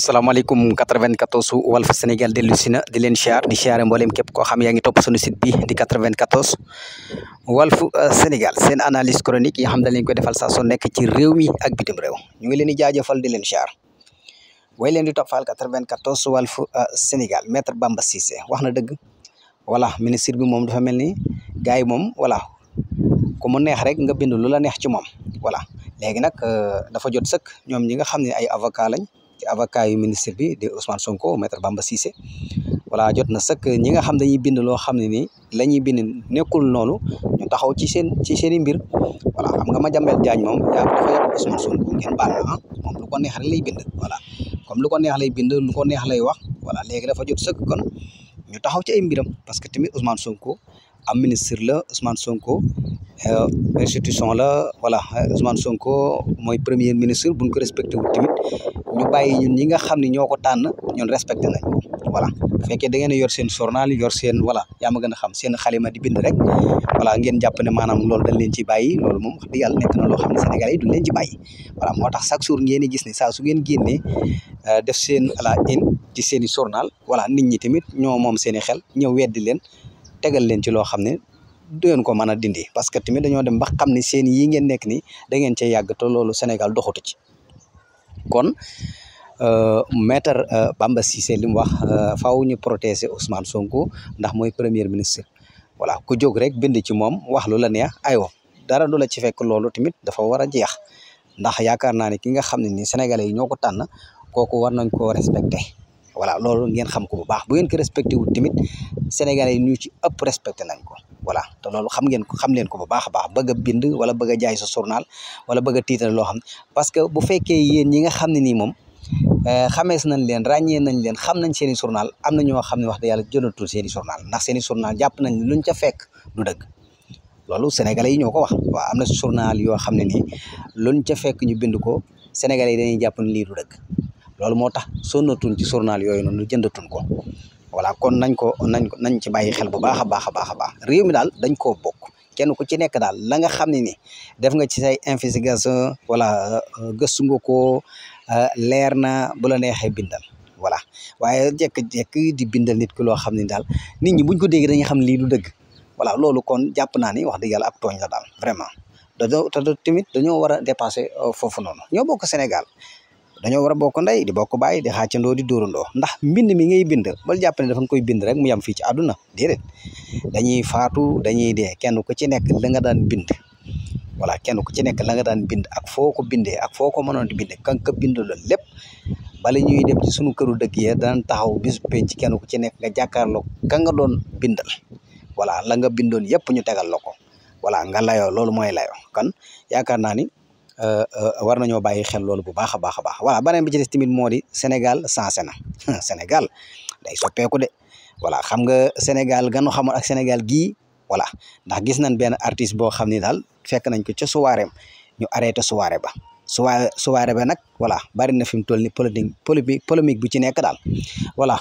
salaamaaleykum 94 Walf Sénégal dellu si na di leen siyaar di siyaare mboolem képp koo xam yaa ngi topp sunu site bi di 94 fu euh, Sénégal seen analyse chronique yi xam dañ leen koy defal saa su nekk ci réew mi ak bitim réew ñu ngi leen di jaajëfal di leen siyaar way leen di toppal 94 Walf euh, Sénégal maître Bamba Cissé wax na dëgg voilà ministre bi moom dafa mel ni gars yi moom voilà ku mu neex rek nga bind lu la neex ci moom voilà léegi nag euh, dafa jot sëkk ñoom ñi nga xam ne ay avocat avocat yu ministre bi di Ousmane Sonko maître Bamba Cissé voilà jot na sëkk ñi nga xam dañuy bind loo xam ne nii la ñuy bind nekkul noonu ñu taxaw ci seen ci seen i mbir voilà xam nga Madiambal Diagne moom yaa dafa yàpp Sonko ngeen baal ah moom lu ko neex lay bind voilà comme lu ko neex lay bind lu ko neex lay wax voilà léegi dafa jot sëkk kon ñu taxaw ci ay mbiram parce que tamit Ousmane Sonko am ministre la Ousmane Sonko Euh, institution la voilà euh, Ousmane Sonko mooy premier ministre buñ ko respecté wut tamit ñu bàyyi ñun ñi nga xam ne ñoo ko tànn ñun respecte nañ wala fekkee da ngeen yor seen journal yor seen wala yaa ma gën xam seen xalima di bind rek wala ngeen jàpp ne maanaam loolu dañ leen ci bàyyi lool moom wax yàlla nekk na loo xam ne Sénégalais yi duñ leen ci bàyyi voilà moo tax chaque jour ngeen di gis ne saa su ngeen génnee euh, def seen la in ci seen i journal voilà nit ñi tamit ñoo moom seen i xel ñëw weddi leen tegal leen ci loo xam ne du ngeen ko mën a dindi parce que tamit dañoo dem ba xam ni seen yi ngeen nekk ni da ngeen cee yàgg loolu Sénégal doxatu ci kon euh, maître euh, Bamba Cissé li mu wax euh, faaw ñu protéger Ousmane Sonko ndax mooy premier ministre voilà ku jóg rek bind ci moom wax lu la neex aywa dara du la ci fekk loolu tamit dafa war a jeex ndax yaakaar naa ne ki nga xam ne ni sénégalais yi ñoo ko tànn kooku war nañ koo respecté voilà loolu ngeen xam ko bu baax bu ngeen ko respecté wut tamit sénégalais yi ñu ci ëpp respecté nañ ko. voilà te loolu xam ngeen ko xam leen ko ba baax a baax bëgg a bind wala bëgg a jaay sa journal wala bëgg a tiital loo xam parce que bu fekkee yéen ñi nga xam ne nii moom euh, xamees nañ leen ràññee nañ leen xam nañ seen i journal am na ñoo xam ne wax dëgg yàlla jëndatul seeni i journal ndax seen i journal jàpp nañ luñ ca fekk du dëgg loolu sénégalais yi ñoo ko wax waaw am na journal yoo xam ne nii luñ ca fekk ñu bind ko sénégalais yi dañuy jàpp ne lii du dëgg loolu moo tax sonnatuñ ci journal yooyu noonu jëndatuñ ko voilà kon nañ ko nañ ko nañ ci bàyyi xel bu baax a baax a baax a baax réew mi daal dañ koo bokk kenn ku ci nekk daal la nga xam ne ni def nga ci say investigation voilà euh, euh, gëstu nga ko euh, leer na bu la neexee bindal voilà waaye jekk-jekk di bindal nit ki loo xam ne daal nit ñi buñ ko déggee dañuy xam lii du dëgg voilà loolu kon jàpp naa ni wax dëgg yàlla ab tooñ daal vraiment dañoo ta tamit dañoo war a dépasser foofu noonu ñoo bokk Sénégal dañoo war a bokk ndey di bokk bàyyi di xaacandoo di dóorandoo ndax mbind mi ngay bind bal jàpp ne dafa koy bind rek mu yam fii ci àdduna déedéet dañuy faatu dañuy dee kenn ku ci nekk la nga daan bind voilà kenn ku ci nekk la nga daan bind ak foo ko bindee ak foo ko mënoon di bindee kan ka bind la lépp bala ñuy dem ci sunu këru dëkk ya daan taxaw bis penc kenn ku ci nekk nga jàkkaarloo ka nga doon bindal voilà la nga bindoon yëpp ñu tegal la ko voilà nga layoo loolu mooy layoo kan yaakaar naa ni Euh, euh, war nañoo bàyyi xel loolu bu baax a baax a baax voilà beneen bi ci des tamit moo di Sénégal sensé na Sénégal day soppeeku de voilà xam nga Sénégal ganu xamoon ak Sénégal gii voilà ndax gis nañ benn artiste boo xam ni daal fekk nañ ko ca soiréem ñu arrêté soirée ba soirée soirée ba nag voilà bari na fi mu toll ni politique polémique polémique bu ci nekk daal voilà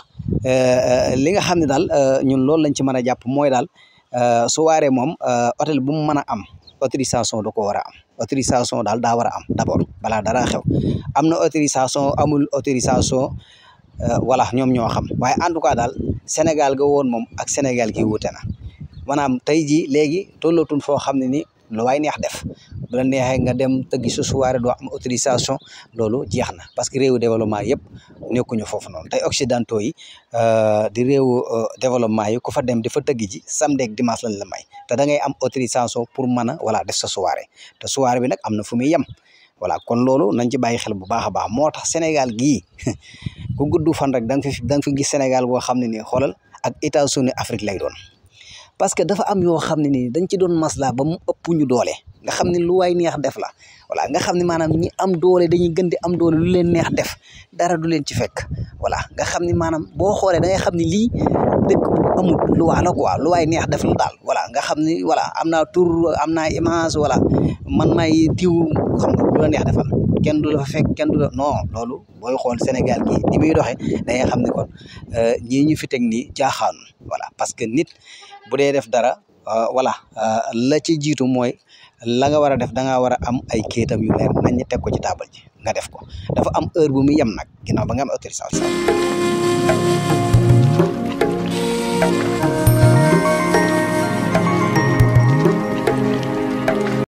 euh, li nga xam ne daal ñun loolu lañ ci mën a jàpp mooy daal soirée moom hôtel bu mu mën a am autorisation da ko war a am autorisation daal daa war a am d'abord balaa dara xew am na autorisation amul autorisation voilà euh, ñoom ñoo xam waaye en tout cas daal Sénégal ga woon moom ak Sénégal gi wuute na maanaam tey jii léegi tollatun foo xam ne ni lu waay neex def bu la neexee nga dem tëgg si soirée doo am autorisation loolu jeex na parce que réewu développement yëpp nekkuñu foofu noonu tey occidentaux yi euh, di réewu euh, développement yi ku fa dem di fa tëgg ji samde ak dimanche la may te da am autorisation pour mën a voilà def sa soirée te soirée bi nag am na fu muy yem voilà kon loolu nañ ci bàyyi xel bu baax a baax moo tax Sénégal gii ku gudd fan rek da nga fi da nga fi Sénégal boo xam ne nii xoolal ak États-Unis Afrique lay doon parce que dafa am yoo xam ne nii dañ ci doon maslaa ba mu ëpp ñu doole nga xam ne lu waay neex def la voilà nga xam ne maanaam ñi am doole dañuy gën di am doole lu leen neex def dara du leen ci fekk voilà nga xam ne maanaam boo xoolee da xam ne lii dëkk bu lu waa la quoi lu waay neex def la daal voilà nga xam ne voilà am naa tur am naa image voilà man maay tiw xam lu la neex defal kenn du la fa fekk kenn du la non loolu booy xool Sénégal gi ni muy doxee da xam ne kon euh, ñii ñu fi teg ni jaaxaanu voilà parce que nit bu dee def dara euh, voilà euh, la ci jiitu mooy la nga war a def da ngaa war a am ay kayitam yu leer nañ teg ko ci taabal ji nga def ko dafa am eur bu muy yem nag ginnaaw ba nga am autorisation